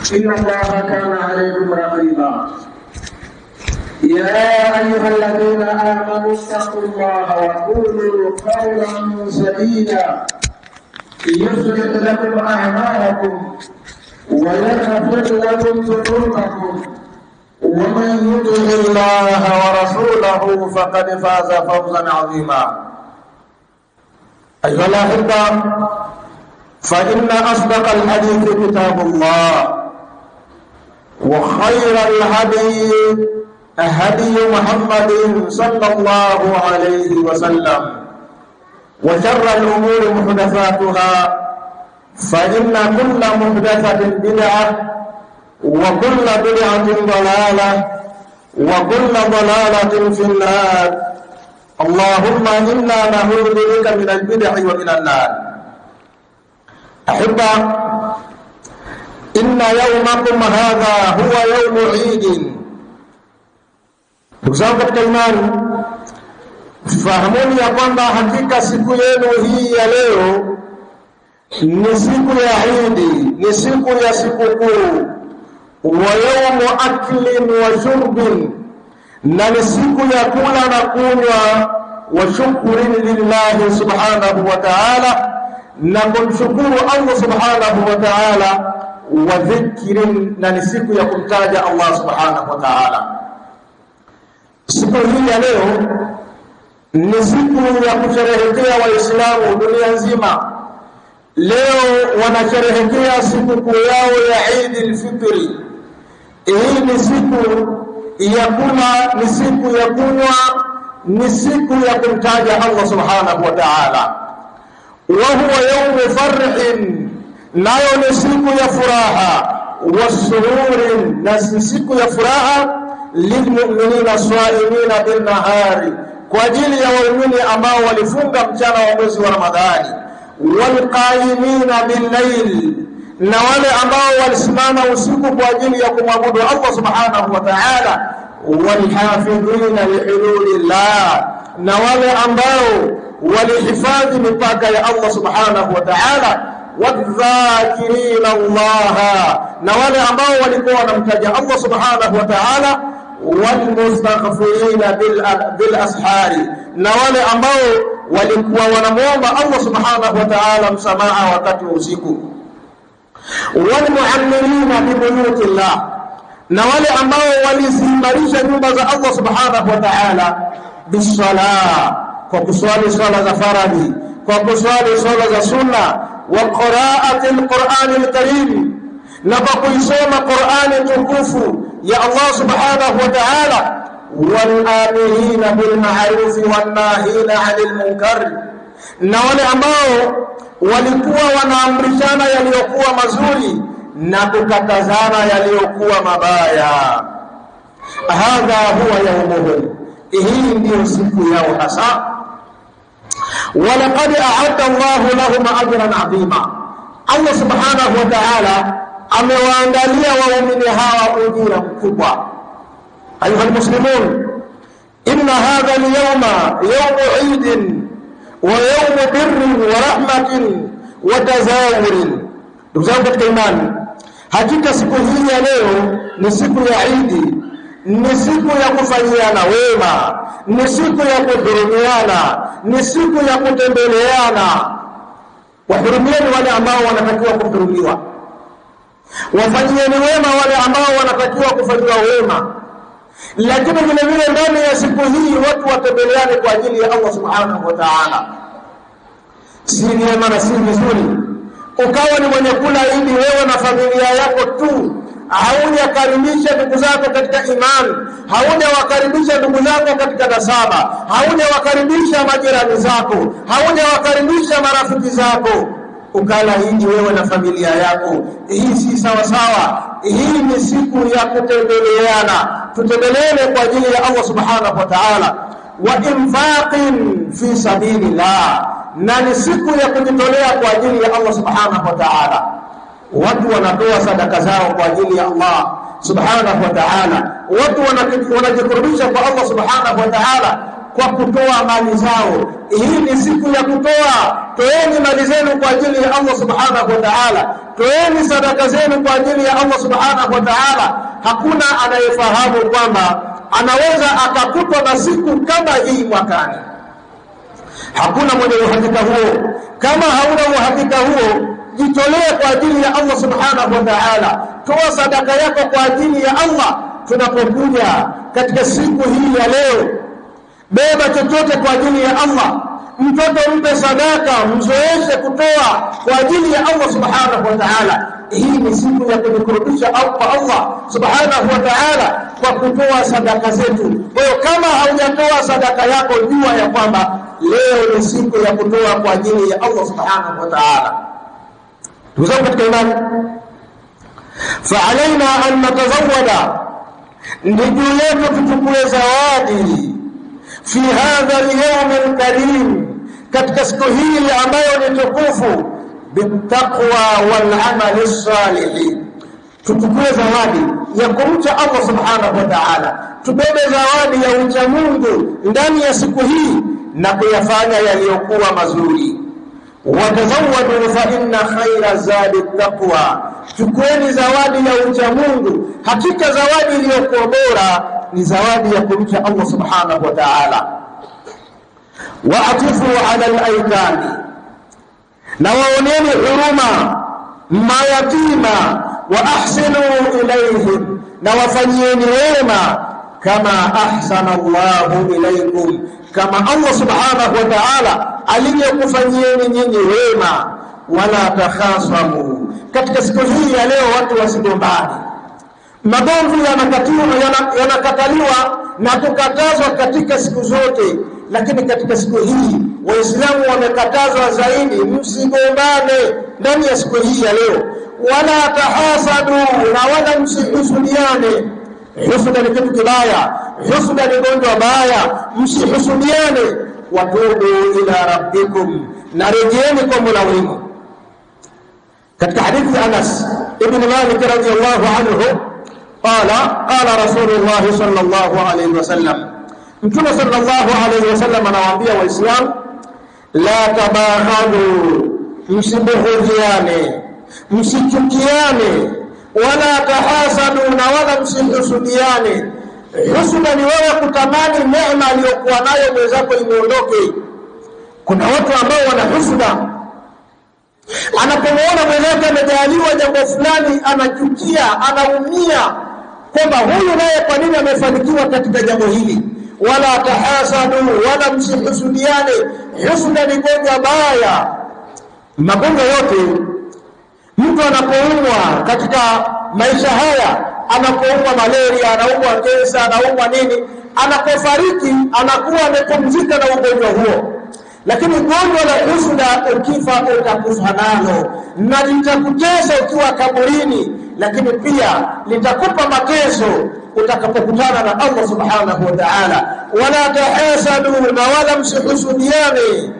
إن الله كان عليكم رقيبا يا أيها الذين آمنوا اتقوا الله وقولوا قولا سديدا يصلح لكم أعمالكم ويغفر لكم ذنوبكم ومن يطع الله ورسوله فقد فاز فوزا عظيما أيها الأحبة فإن أصدق الحديث كتاب الله وخير الهدي هدي محمد صلى الله عليه وسلم وشر الأمور محدثاتها فإن كل محدثة بدعة وكل بدعة ضلالة وكل ضلالة في النار اللهم إنا نعوذ بك من البدع ومن النار أحبة inna yaumakum hadha huwa yaumu idin. Ndugu zangu katika imani, fahamuni ya kwamba hakika siku yenu hii ya leo ni siku ya Idi, ni siku ya sikukuu. Wa yaumu aklin wa shurbin, na ni siku ya kula na kunywa. Wa shukrin lillahi subhanahu wa ta'ala, na kumshukuru Allah subhanahu wa ta'ala wa dhikrin, na ni siku ya kumtaja Allah subhanahu wa ta'ala. Siku hii ya leo ni siku ya kusherehekea Waislamu dunia nzima. Leo wanasherehekea sikukuu yao ya Eid al-Fitri. Hii ni siku ya kula, ni siku ya kunywa, ni siku ya kumtaja Allah subhanahu wa ta'ala, wa huwa yaumu farhin nayo ni siku ya furaha wasuhuri, na siku ya furaha lilmuminina swaimina binnahari, kwa ajili ya waumini ambao walifunga mchana wa mwezi wa Ramadhani, walqaimina billail, na wale ambao walisimama usiku kwa ajili ya kumwabudu Allah subhanahu wa ta'ala, walhafidhina lihududillah, na wale ambao walihifadhi mipaka ya Allah subhanahu wa ta'ala wadhakirina Allaha, na wale ambao walikuwa wanamtaja Allah subhanahu wa ta'ala, walmustaghfirina bil ashari, na wale ambao walikuwa wanamwomba Allah subhanahu wa ta'ala msamaha wakati wa usiku, walmuammirina bi buyutillah, na wale ambao waliziimarisha nyumba za Allah subhanahu wa ta'ala bisala, kwa kuswali swala za faradhi, kwa kuswali swala za sunna wa qiraati alqurani alkarim, na kwa kuisoma Qurani tukufu ya Allah subhanahu wa ta'ala, walamihina bilmarufi wannahina anil munkari, na wale ambao walikuwa wanaamrishana yaliyokuwa mazuri na kukatazana yaliyokuwa mabaya. Hadha huwa yaumuhum, hii ndiyo siku yao hasa walaqad aadda Allahu lahum ajran adhima, Allah subhanahu wa ta'ala amewaandalia waumini hawa ujira mkubwa. Ayuha almuslimun, inna hadha alyawma yawmu idin wa yawmu birrin wa rahmatin wa tazawurin. Ndugu zangu katika imani, hakika siku hii ya leo ni siku ya Idi ni siku ya kufanyiana wema, ni siku ya kuhurumiana, ni siku ya kutembeleana. Wahurumieni wale ambao wanatakiwa kuhurumiwa, wafanyieni wema wale ambao wanatakiwa kufanyiwa wema. Lakini vile vile ndani ya siku hii watu watembeleane kwa ajili ya Allah subhanahu wa ta'ala. Si vyema na si vizuri ukawa ni mwenye kula idi wewe na familia yako tu haujakaribisha ndugu zako katika imani, haujawakaribisha ndugu zako katika nasaba, haujawakaribisha majirani zako, haujawakaribisha marafiki zako, ukala hiji wewe na familia yako. Hii si sawasawa. Hii ni siku ya kutembeleana, tutembeleane kwa ajili ya Allah subhanahu wa ta'ala, wa infaqin fi sabilillah, na ni siku ya kujitolea kwa ajili ya Allah subhanahu wa ta'ala watu wanatoa sadaka zao kwa ajili ya Allah subhanahu wa ta'ala, watu wanajikurubisha kwa Allah subhanahu wa ta'ala kwa kutoa mali zao. Hii ni siku ya kutoa. Toeni mali zenu kwa ajili ya Allah subhanahu wa ta'ala, toeni sadaka zenu kwa ajili ya Allah subhanahu wa ta'ala. Hakuna anayefahamu kwamba anaweza akakutwa na siku kama hii mwakani. Hakuna mwenye uhakika huo. Kama hauna uhakika huo jitolee kwa ajili ya Allah subhanahu wa ta'ala, toa sadaka yako kwa ajili ya Allah. Tunapokuja katika siku hii ya leo, beba chochote kwa ajili ya Allah. Mtoto mpe sadaka, mzoeshe kutoa kwa ajili ya Allah subhanahu wa ta'ala. Hii ni siku ya kujikurubisha kwa Allah subhanahu wa ta'ala kwa kutoa sadaka zetu. Kwa hiyo kama haujatoa sadaka yako, jua ya kwamba leo ni siku ya kutoa kwa ajili ya Allah subhanahu wa ta'ala ndugu katika imani faalaina an natazawada ni juu yetu tuchukue zawadi fi hadha alyawm alkarim, katika siku hii ambayo ni tukufu bitaqwa amal salih, tuchukue zawadi ya kumcha allah subhanahu wa taala tubebe zawadi ya ucha mungu ndani ya siku hii na kuyafanya yaliyokuwa mazuri watazawadu fa inna khaira zadi taqwa, chukueni zawadi ya ucha Mungu, hakika zawadi iliyokuwa bora ni zawadi ya kumcha Allah subhanahu wa ta'ala. Waatifu ala alaitani, na waoneni huruma mayatima. Wa ahsinu ilaihim, na wafanyieni wema. Kama ahsana Allahu ilaikum kama Allah subhanahu wa ta'ala alivyokufanyieni nyinyi wema, wala takhasamu, katika siku hii ya leo watu wasigombane. Magomvi yanakataliwa yana, yana na kukatazwa katika siku zote, lakini katika siku hii Waislamu wamekatazwa zaidi, msigombane ndani ya siku hii ya leo, wala tahasadu, na wala msihusudiane Husda ni kitu kibaya, husda ni gonjwa baya, msihusudiane. Watubu ila rabbikum, na rejeeni kwa Mola wenu. Katika hadithi ya Anas ibn Malik radhiyallahu anhu qala qala Rasulullah sallallahu alayhi wasallam, Mtume sallallahu alayhi wasallam anawaambia Waislamu, la tabaghadu, msibughudhiane, msichukiane wala tahasadu, na wala msihusudiane. Husuda ni wewe kutamani neema aliyokuwa nayo mwenzako imeondoke Kuna watu ambao wana husuda, anapomwona mwenzake amejaliwa jambo fulani anachukia, anaumia kwamba huyu naye kwa nini amefanikiwa katika jambo hili. Wala tahasadu, wala msihusudiane. Husuda ni gonjwa baya, magonjwa yote Mtu anapoumwa katika maisha haya, anapoumwa malaria, anaumwa kesa anaumwa nini, anapofariki anakuwa amepumzika na ugonjwa huo. Lakini ugonjwa la husda, ukifa utakufa nalo na litakutesa ukiwa kaburini, lakini pia litakupa mateso utakapokutana na Allah subhanahu wa ta'ala. Wala tahasadu, na wala msihusudiane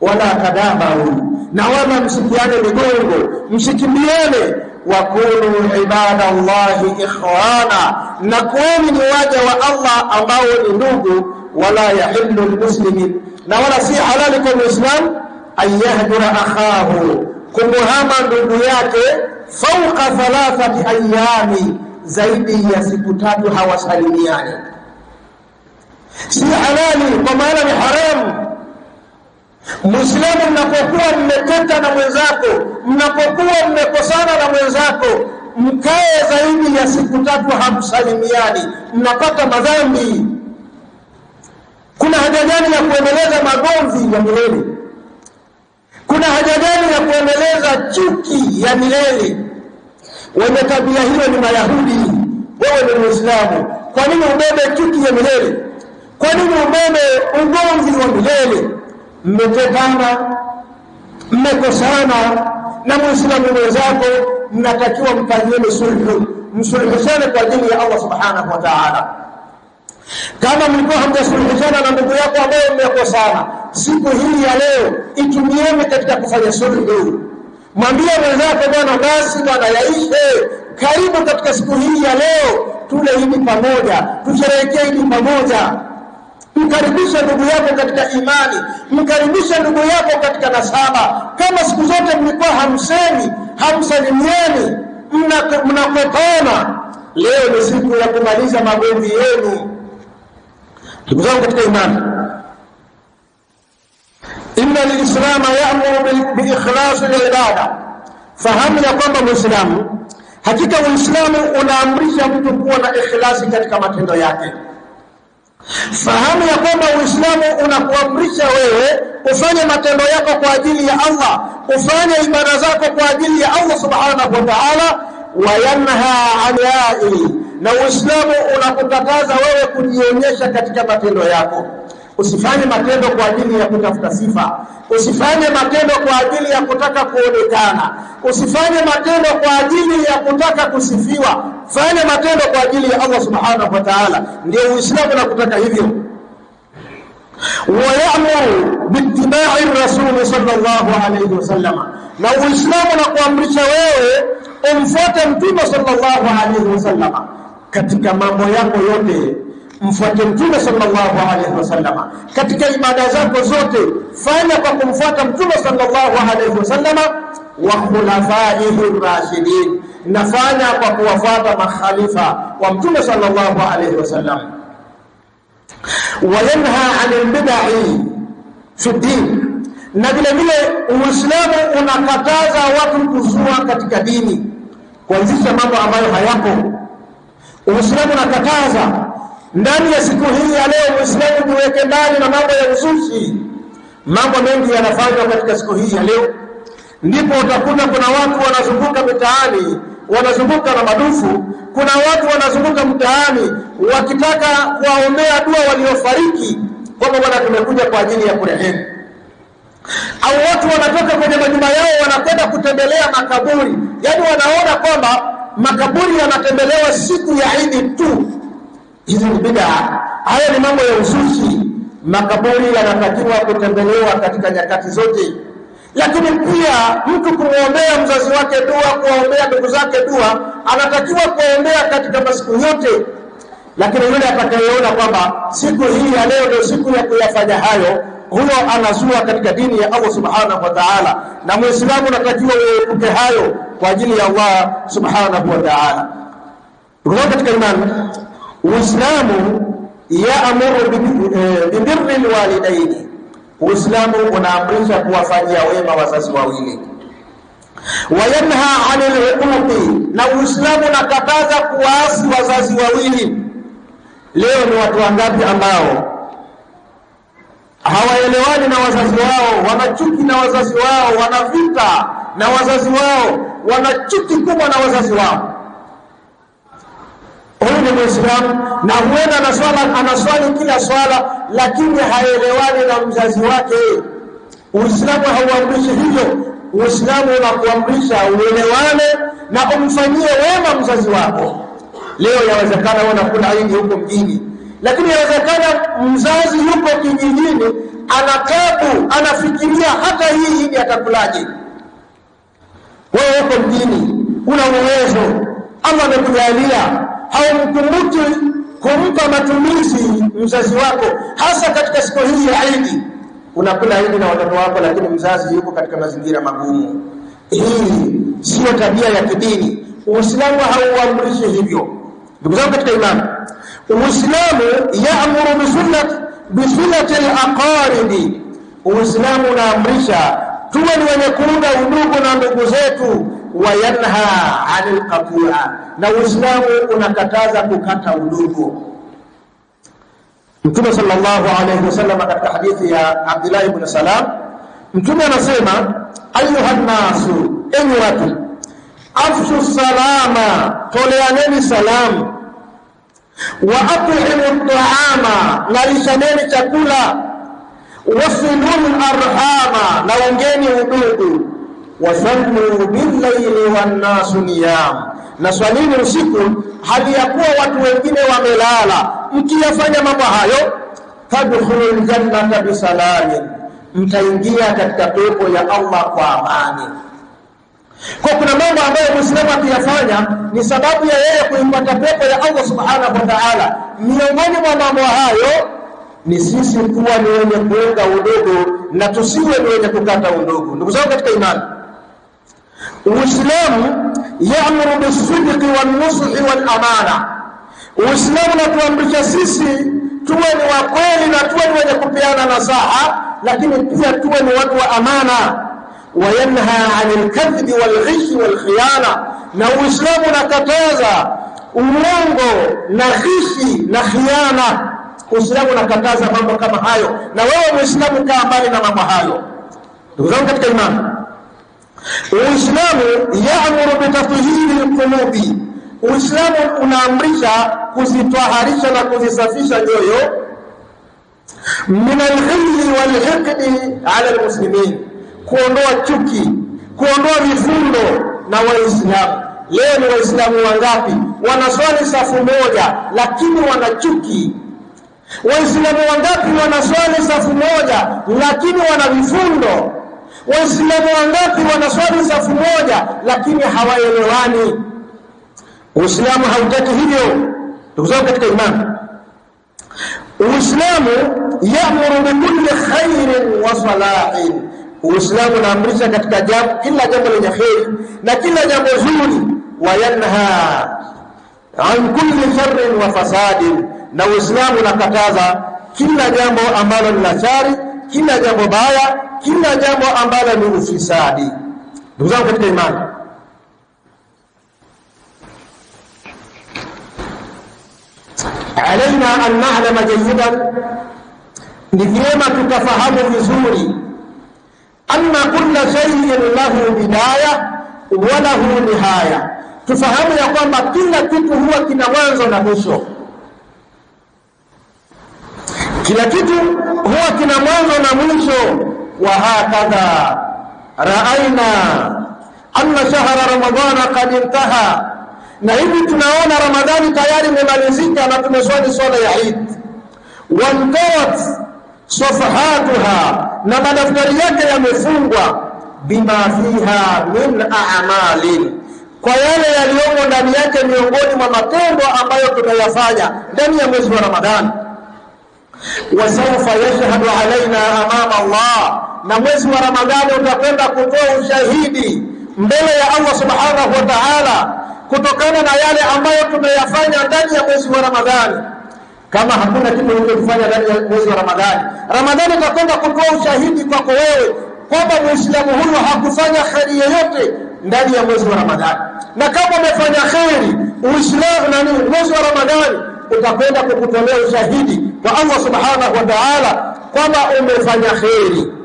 wala tadabaru, na wala msikiane migongo, msikimbiane. Wakunu ibada llahi ikhwana, na kuweni ni waja wa Allah ambao ni ndugu. Wala yahillu lmuslimi, na wala si halali kwa muislam anyahdura akhahu, kumhama ndugu yake fauqa thalathati ayami, zaidi ya siku tatu hawasalimiani, si halali, kwa maana ni haramu Muislamu, mnapokuwa mmeteta na mwenzako, mnapokuwa mmekosana na mwenzako, mkae zaidi ya siku tatu hamsalimiani, mnapata madhambi. Kuna haja gani ya kuendeleza magomvi ya milele? Kuna haja gani ya kuendeleza chuki ya milele? Wenye tabia hiyo ni Mayahudi, wewe ni Muislamu. Kwa nini ubebe chuki ya milele? Kwa nini ubebe ugomvi wa milele? mmetengana, mmekosana na muislamu mwenzako, mnatakiwa mpangieni sulhu, msulhishane kwa ajili ya Allah subhanahu wa ta'ala. Kama mlikuwa hamjasulhishana na ndugu yako ambayo mmekosana, siku hii ya leo itumieni katika kufanya sulhu. Mwambie mwenzako, bwana, basi bwana, yaishe karibu katika siku hii ya leo, tule hili pamoja, tusherehekee hili pamoja Mkaribishe ndugu yako katika imani, mkaribishe ndugu yako katika nasaba. Kama siku zote mlikuwa hamsemi, hamsalimieni mnakopana, leo ni siku ya kumaliza magomvi yenu. Ndugu zangu katika imani, inna lislama yamuru biikhlasi lilibada. Fahamu ya kwamba Muislamu, hakika Uislamu unaamrisha mtu kuwa na ikhlasi katika matendo yake. Fahamu ya kwamba Uislamu unakuamrisha wewe ufanye matendo yako kwa ajili ya Allah, ufanye ibada zako kwa ajili ya Allah subhanahu wa ta'ala. Wayanha anai, na Uislamu unakukataza wewe kujionyesha katika matendo yako. Usifanye matendo kwa ajili ya kutafuta sifa, usifanye matendo kwa ajili ya kutaka kuonekana, usifanye matendo kwa ajili ya kutaka kusifiwa. fanye matendo kwa ajili ya Allah subhanahu wa ta'ala, ndio Uislamu unakutaka hivyo. Wayamuru bitibai rasuli sallallahu alayhi wasallam, na Uislamu unakuamrisha wewe umfuate Mtume sallallahu alayhi wasallam katika mambo yako yote Mfuate Mtume sallallahu alaihi wasallama katika ibada zako zote, fanya kwa kumfuata Mtume sallallahu alaihi wasallama wa khulafaihi rashidin, na fanya kwa kuwafuata makhalifa wa Mtume sallallahu alaihi wasallam. Wayanha anil bid'ah fi din, na vilevile Uislamu unakataza watu kuzua katika dini, kuanzisha mambo ambayo hayapo. Uislamu unakataza ndani ya siku hii ya leo, Muislamu jiweke mbali na mambo ya uzushi. Mambo mengi yanafanywa katika siku hii ya leo, ndipo utakuta kuna watu wanazunguka mitaani, wanazunguka na madufu. Kuna watu wanazunguka mtaani wakitaka kuwaombea dua waliofariki, kwamba bwana, tumekuja kwa ajili ya kurehemu. Au watu wanatoka kwenye majumba yao wanakwenda kutembelea makaburi, yaani wanaona kwamba makaburi yanatembelewa siku ya Idi tu Hizi ni bidaa. Haya ni mambo ya uzushi. Makaburi yanatakiwa kutembelewa katika nyakati zote, lakini pia mtu kumwombea mzazi wake dua, kuwaombea ndugu zake dua, anatakiwa kuwaombea katika masiku yote. Lakini yule atakayeona kwamba siku hii ya leo ndio siku ya kuyafanya hayo, huyo anazua katika dini ya Allah subhanahu wa ta'ala, na muislamu anatakiwa uepuke hayo kwa ajili ya Allah subhanahu wa ta'ala. Ndugu katika imani Uislamu yaamuru bibirri eh, lwalidaini, Uislamu unaamrisha kuwafanyia wema wazazi wawili. Wayanha anil luquqi na Uislamu unakataza kuwaasi wazazi wawili. Leo ni watu wangapi ambao hawaelewani na wazazi wao, wana chuki na wazazi wao, wana vita na wazazi wao, wana chuki kubwa na wazazi wao Huyu ni Mwislamu na huenda anaswali kila swala, lakini haelewani na mzazi wake. Uislamu hauamrishi hivyo. Uislamu unakuamrisha uelewane na umfanyie wema mzazi wako. Leo yawezekana unakula wingi huko mjini, lakini yawezekana mzazi yuko kijijini, anatabu anafikiria hata hii hili atakulaje. Wewe uko mjini, una uwezo, Allah amekujalia haumkumbuki kumpa matumizi mzazi wako, hasa katika siku hii ya Idi. Unakula Idi na watoto wako, lakini mzazi yuko katika mazingira magumu. Hii siyo tabia ya kidini. Uislamu hauamrishi hivyo. Ndugu zangu katika imani, Uislamu yaamuru bisunnati alaqaribi. Uislamu unaamrisha tuwe ni wenye kuunda udugu na ndugu zetu wa yanha anil qatia, na Uislamu unakataza kukata udugu. Mtume sallallahu alayhi wasallam, katika hadithi ya Abdullah ibn Salam, mtume anasema ayuha nasu, enyi watu, afshu salama, toleaneni salamu, wa at'imu taama, nalishaneni chakula, wasilu arhama, na ungeni udugu wasallu billaili wannasu niyam, na swalini usiku hali ya kuwa watu wengine wamelala. Mkiyafanya mambo hayo, tadkhulu ljannata bisalamin, mtaingia katika pepo ya Allah kwa amani. Kwa kuna mambo ambayo mwislamu akiyafanya ni sababu ya yeye kuipata pepo ya Allah subhanahu wa ta'ala. Miongoni mwa mambo hayo ni sisi kuwa ni wenye kuunga udogo na tusiwe ni wenye kukata udogo, Ndugu zangu katika imani Uislamu yamuru bisidqi walnusuhi walamana. Uislamu unatuamrisha sisi tuwe ni wa kweli na tuwe ni wenye kupeana nasaha, lakini pia tuwe ni watu wa amana. Wayanha ani lkadhibi walghishi walkhiyana, na Uislamu unakataza urongo na ghishi na khiana. Uislamu unakataza mambo kama hayo, na wewe Muislamu kaa mbali na mambo hayo. Ndugu zangu katika imani Uislamu yaamuru bitatahiri lqulubi, Uislamu unaamrisha kuzitwaharisha na kuzisafisha nyoyo, min alghilli walhiqdi ala lmuslimin, kuondoa chuki, kuondoa vifundo na Waislamu. Leo ni Waislamu wangapi wanaswali safu moja lakini wana chuki? Waislamu wangapi wanaswali safu moja lakini wana vifundo Waislamu wangapi wanaswali safu moja lakini hawaelewani? Uislamu hautaki hivyo. Ndugu zangu katika imani, Uislamu yamuru bikulli khairin wa salahin, Uislamu unaamrisha katika jambo, kila jambo lenye kheri na kila jambo zuri, wa yanha an kulli sharrin wa fasadin, na Uislamu unakataza kila jambo ambalo ni la shari, kila jambo baya kila jambo ambalo ni ufisadi. Ndugu zangu katika imani, alaina an na'lama jayyidan, ni vyema tukafahamu vizuri anna kulla shay'in lahu bidaya wa lahu nihaya, tufahamu ya kwamba kila kitu huwa kina mwanzo na mwisho. Kila kitu huwa kina mwanzo na mwisho. وهكذا raaina anna shahra ramadana kad intaha, na hivi tunaona Ramadhani tayari imemalizika na tumeswali swala ya Eid. Wantawat safahatuha na madaftari yake yamefungwa. Bima fiha min a'malin, kwa yale yaliyomo ndani yake miongoni mwa matendo ambayo tutayafanya ndani ya mwezi wa Ramadhani. Wa sawfa yashhadu alaina amama Allah na mwezi wa Ramadhani utakwenda kutoa ushahidi mbele ya Allah subhanahu wa ta'ala, kutokana na yale ambayo tumeyafanya ndani ya mwezi wa Ramadhani. Kama hakuna kitu ulichofanya ndani ya mwezi wa Ramadhani, Ramadhani utakwenda kutoa ushahidi kwako wewe kwamba muislamu huyu hakufanya kheri yoyote ndani ya mwezi wa Ramadhani, na kama umefanya kheri uislamu na mwezi wa Ramadhani utakwenda kukutolea ushahidi kwa Allah subhanahu wa ta'ala kwamba umefanya kheri.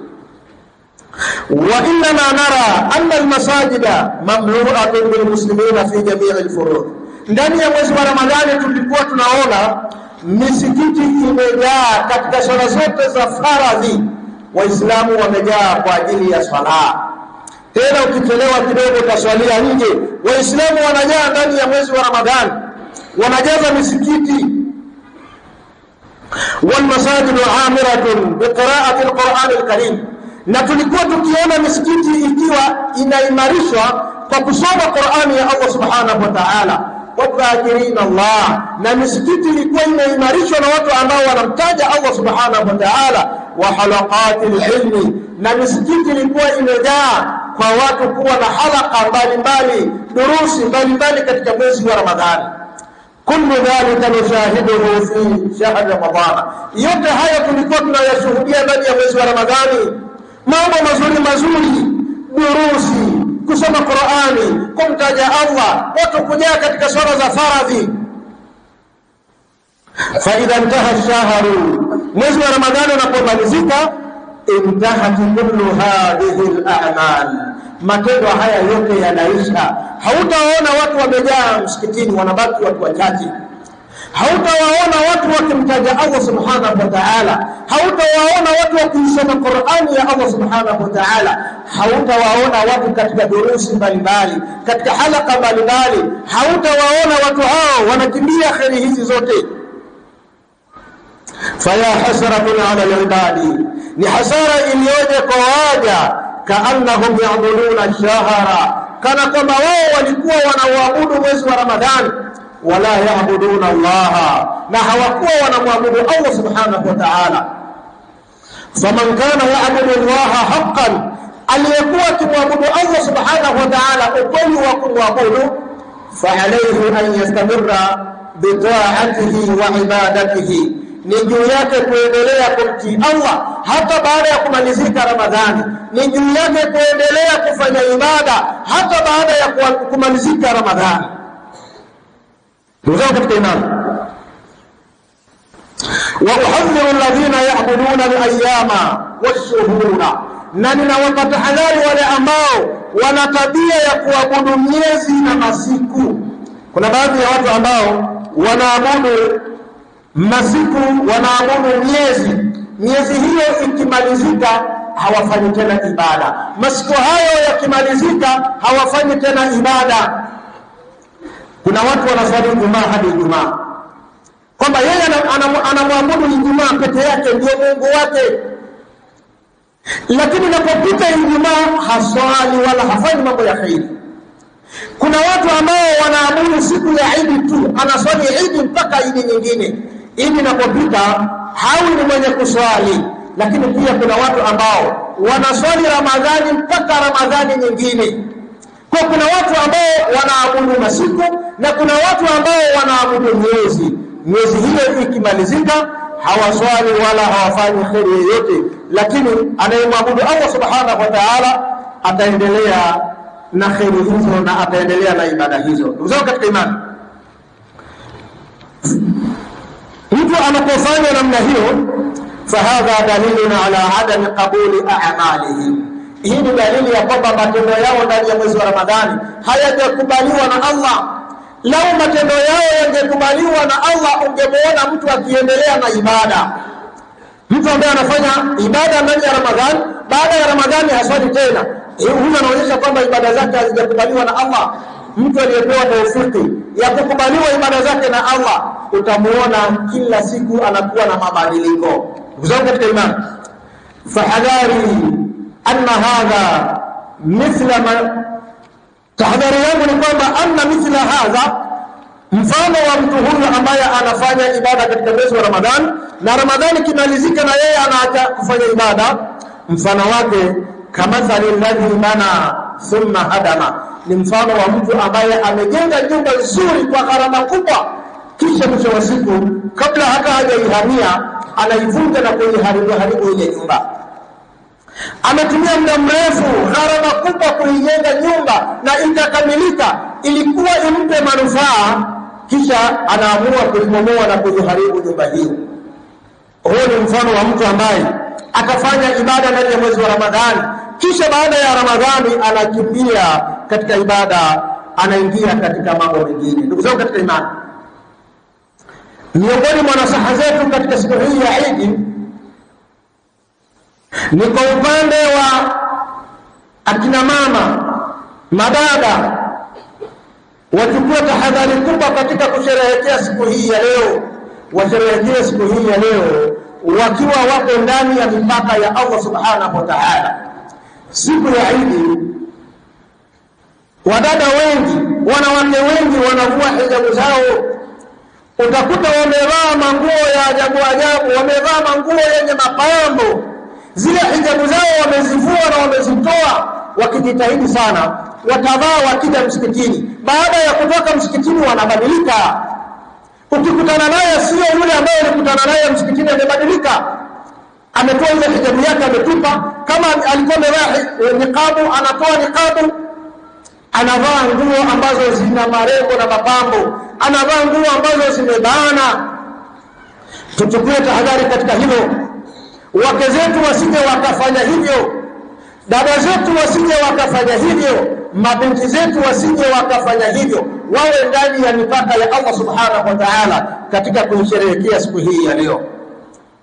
وإننا nara أن المساجد مملوءة بالمسلمين fi جميع الفروع. Ndani ya mwezi wa Ramadhani tulikuwa tunaona misikiti imejaa katika sala zote za faradhi, Waislamu wamejaa kwa ajili ya swala. Tena ukichelewa kidogo utaswalia nje. Waislamu wanajaa ndani ya mwezi wa Ramadhani, wanajaza misikiti. Walmasajidu amiratun biqiraati lqurani lkarim na tulikuwa tukiona misikiti ikiwa inaimarishwa kwa kusoma Qur'ani ya Allah subhanahu wa ta'ala, wadhakirina Allah, na misikiti ilikuwa imeimarishwa na watu ambao wanamtaja Allah subhanahu wa ta'ala, wa halaqati lilmi na misikiti ilikuwa imejaa kwa watu kuwa na halaka mbalimbali, durusi mbalimbali katika mwezi wa Ramadhani. Kullu dhalika nushahiduhu fi shahri Ramadhana, yote haya tulikuwa tunayashuhudia ndani ya mwezi wa Ramadhani mambo mazuri mazuri, durusi, kusoma Qur'ani, kumtaja Allah, watu kujaa katika swala za faradhi. Fa idha intaha ash-shahr mwezi wa Ramadhani unapomalizika, intahat kullu hadhihi al-a'mal, matendo haya yote yanaisha. Hautaona watu wamejaa msikitini, wanabaki watu wachache. Hautawaona watu wakimtaja Allah subhanahu wa ta'ala, hautawaona watu wakiisoma Qur'ani ya Allah subhanahu wa ta'ala, hautawaona watu katika durusi mbalimbali, katika halaka mbalimbali, hautawaona watu hao wanakimbia kheri hizi zote. Faya hasratun ala libadi ni hasara iliyoje kwa waja, kaannahum ya'buduna shahara, kana kwamba wao walikuwa wanauabudu mwezi wa Ramadhani wala yaabuduna Allah, na hawakuwa wanamwabudu Allah subhanahu wa ta'ala. Faman kana yaabudu Allah haqqan, aliyekuwa akimwabudu Allah subhanahu wa ta'ala ukweli wa kumwabudu, faalaihi an yastamira bitaatihi wa ibadatihi ni juu yake kuendelea kumtii Allah hata baada ya kumalizika Ramadhani, ni juu yake kuendelea kufanya ibada hata baada ya kumalizika Ramadhani. ndugu zangu katika imani wa uhadhiru alladhina ya'buduna al-ayyama na ninawapa tahadhari wale ambao wana tabia ya kuabudu miezi na masiku kuna baadhi ya watu ambao wanaabudu masiku wanaabudu miezi miezi hiyo ikimalizika hawafanyi tena ibada masiku hayo yakimalizika hawafanyi tena ibada kuna watu wanaswali Ijumaa hadi Ijumaa, kwamba yeye anamwabudu Ijumaa peke yake, ndio Mungu wake, lakini inapopita Ijumaa haswali wala hafanyi mambo ya kheri. Kuna watu ambao wanaabudu siku ya Idi tu, anaswali Idi mpaka Idi nyingine. Idi inapopita hawi ni mwenye kuswali, lakini pia kuna watu ambao wanaswali Ramadhani mpaka Ramadhani nyingine kwa kuna watu ambao wanaabudu masiku na kuna watu ambao wanaabudu miezi. Miezi hiyo ikimalizika, hawaswali wala hawafanyi kheri yoyote, lakini anayemwabudu Allah subhanahu wa ta'ala ataendelea na kheri hizo na ataendelea na ibada hizo. Ndugu zangu katika imani, mtu anapofanya namna hiyo, fahadha dalilun ala adami qabuli a'malihim hii ni dalili ya kwamba matendo yao ndani ya mwezi wa Ramadhani hayajakubaliwa na Allah. Lau matendo yao yangekubaliwa na Allah, ungemwona mtu akiendelea na ibada. Mtu ambaye anafanya ibada ndani ya Ramadhani, baada ya Ramadhani haswali tena, huyo anaonyesha kwamba ibada zake hazijakubaliwa na Allah. Mtu aliyepewa taufiki ya kukubaliwa ibada zake na Allah, utamuona kila siku anakuwa na mabadiliko. Ndugu zangu katika imani, fahadhari anna hadha mithla ma tahadhari yangu ni kwamba anna mithla hadha mfano wa mtu huyu ambaye anafanya ibada katika mwezi wa Ramadhani na Ramadhani kimalizika na yeye anaacha kufanya ibada, mfano wake kamathali alladhi bana thumma hadama, ni mfano wa mtu ambaye amejenga nyumba nzuri kwa gharama kubwa, kisha mwisho wa siku, kabla hata hajaihamia, anaivunja na kuiharibu haribu ile nyumba ametumia muda mrefu, gharama kubwa kuijenga nyumba na ikakamilika, ilikuwa impe manufaa, kisha anaamua kuibomoa na kuiharibu nyumba hiyo. Huo ni mfano wa mtu ambaye akafanya ibada ndani ya mwezi wa Ramadhani, kisha baada ya Ramadhani anakimbia katika ibada, anaingia katika mambo mengine. Ndugu zangu katika imani, miongoni mwa nasaha zetu katika siku hii ya Idi ni kwa upande wa akina mama, madada wachukue tahadhari kubwa katika kusherehekea siku hii ya leo, washerehekee siku hii ya leo wakiwa wako ndani ya mipaka ya Allah subhanahu wa ta'ala. Siku ya Idi, wadada wengi, wanawake wengi wanavua hijabu zao utakuta wamevaa manguo ya ajabu ajabu, wamevaa manguo yenye mapambo zile hijabu zao wamezivua na wamezitoa wakijitahidi sana, watavaa wakija msikitini. Baada ya kutoka msikitini wanabadilika. Ukikutana naye sio yule ambaye alikutana naye msikitini, amebadilika, ametoa ile hijabu yake ametupa. Kama alikuwa amevaa eh, niqabu, anatoa niqabu, anavaa nguo ambazo zina marembo na mapambo, anavaa nguo ambazo zimebana. Tuchukue tahadhari katika hilo wake zetu wasije wakafanya hivyo, dada zetu wasije wakafanya hivyo, mabinti zetu wasije wakafanya hivyo, wawe ndani ya mipaka ya Allah subhanahu wa ta'ala katika kuisherehekea siku hii ya leo.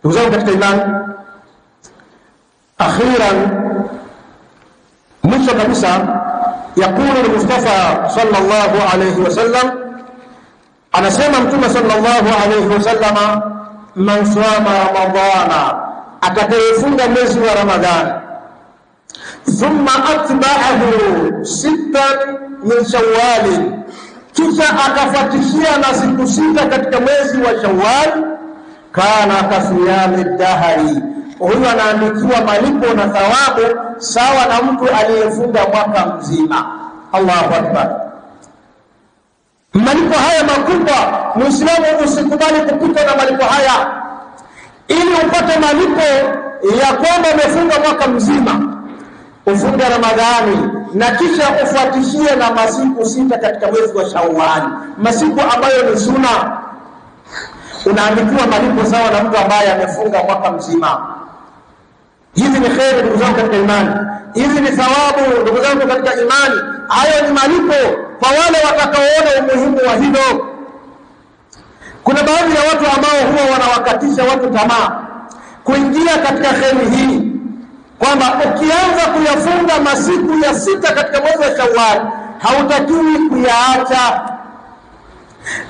Ndugu zangu katika imani, akhiran, mwisho kabisa, yakulu Mustafa sallallahu alayhi wasallam, anasema Mtume sallallahu alayhi wasallama, man swama ramadhana atakayefunga mwezi wa Ramadhani, thumma atba'ahu sittan min Shawwal, kisha akafatishia na siku sita katika mwezi wa Shawwal, kana kasiyami dahari, huyu anaandikiwa malipo na thawabu sawa na mtu aliyefunga mwaka mzima. Allahu akbar! Malipo haya makubwa, Muislamu usikubali kupitwa na malipo haya ili upate malipo ya kwamba umefunga mwaka mzima, ufunge Ramadhani na kisha ufuatishie na masiku sita katika mwezi wa Shawwal, masiku ambayo ni suna. Unaandikiwa malipo sawa na mtu ambaye amefunga mwaka mzima. Hizi ni kheri, ndugu zangu katika imani, hizi ni thawabu, ndugu zangu katika imani. Hayo ni malipo kwa wale watakaoona umuhimu wa hilo. Kuna baadhi ambao huwa wanawakatisha watu tamaa kuingia katika kheri hii, kwamba ukianza kuyafunga masiku ya sita katika mwezi wa Shawwal hautakiwi kuyaacha,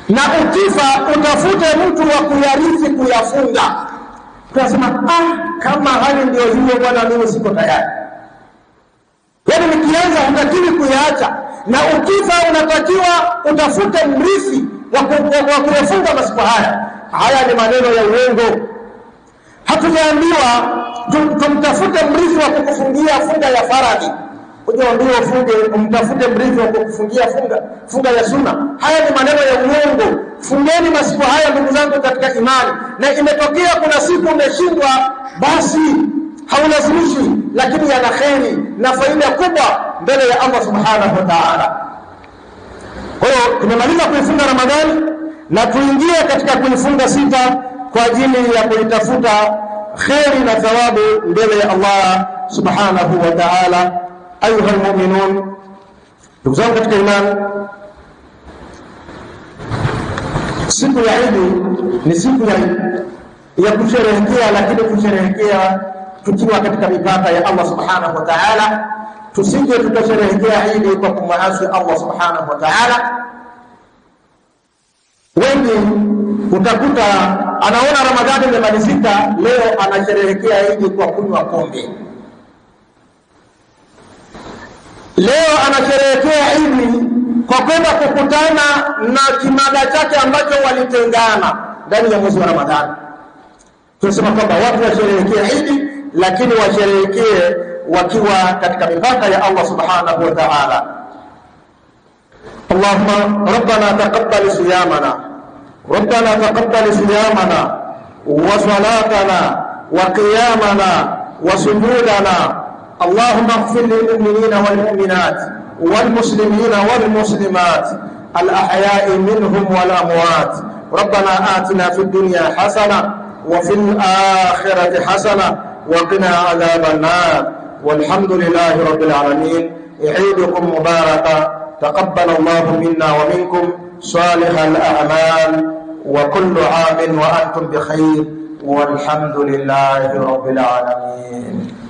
na ukifa utafute mtu wa kuyarithi kuyafunga. Tunasema ah, kama hali ndio hiyo bwana, mimi siko tayari. Yaani nikianza hutakiwi kuyaacha, na ukifa unatakiwa utafute mrithi wa kuyafunga masiku haya. Haya ni maneno ya uongo. Hatujaambiwa tumtafute mrithi wa kukufungia funga ya faradhi, hujaambiwa ufunge, mtafute mrithi wa kukufungia funga funga ya sunna. Haya ni maneno ya uongo. Fungeni masiku haya, ndugu zangu katika imani, na imetokea kuna siku umeshindwa, basi haulazimishi, lakini yana kheri na faida kubwa mbele ya Allah subhanahu wa ta'ala. Kwa hiyo tumemaliza kuifunga Ramadhani na tuingie katika kuifunga sita kwa ajili ya kuitafuta kheri na thawabu mbele ya Allah subhanahu wa ta'ala. Ayuha almu'minun, ndugu zangu katika imani, siku ya Idi ni siku ya ya kusherehekea, lakini kusherehekea tukiwa katika mipaka ya Allah subhanahu wa ta'ala. Tusije tukasherehekea Idi kwa kumwasi Allah subhanahu wa ta'ala Wengi utakuta anaona Ramadhani imemalizika, leo anasherehekea Idi kwa kunywa pombe, leo anasherehekea Idi kwa kwenda kukutana na kimada chake ambacho walitengana ndani ya mwezi wa Ramadhani. Tunasema kwamba watu washerehekee Idi, lakini washerehekee wakiwa katika mipaka ya Allah subhanahu wa ta'ala. Allahumma rabbana taqabbal siyamana ربنا تقبل صيامنا وصلاتنا وقيامنا وسجودنا اللهم اغفر للمؤمنين والمؤمنات والمسلمين والمسلمات الأحياء منهم والأموات ربنا آتنا في الدنيا حسنة وفي الآخرة حسنة وقنا عذاب النار والحمد لله رب العالمين عيدكم مباركة تقبل الله منا ومنكم صالح الأعمال وكل عام وأنتم بخير والحمد لله رب العالمين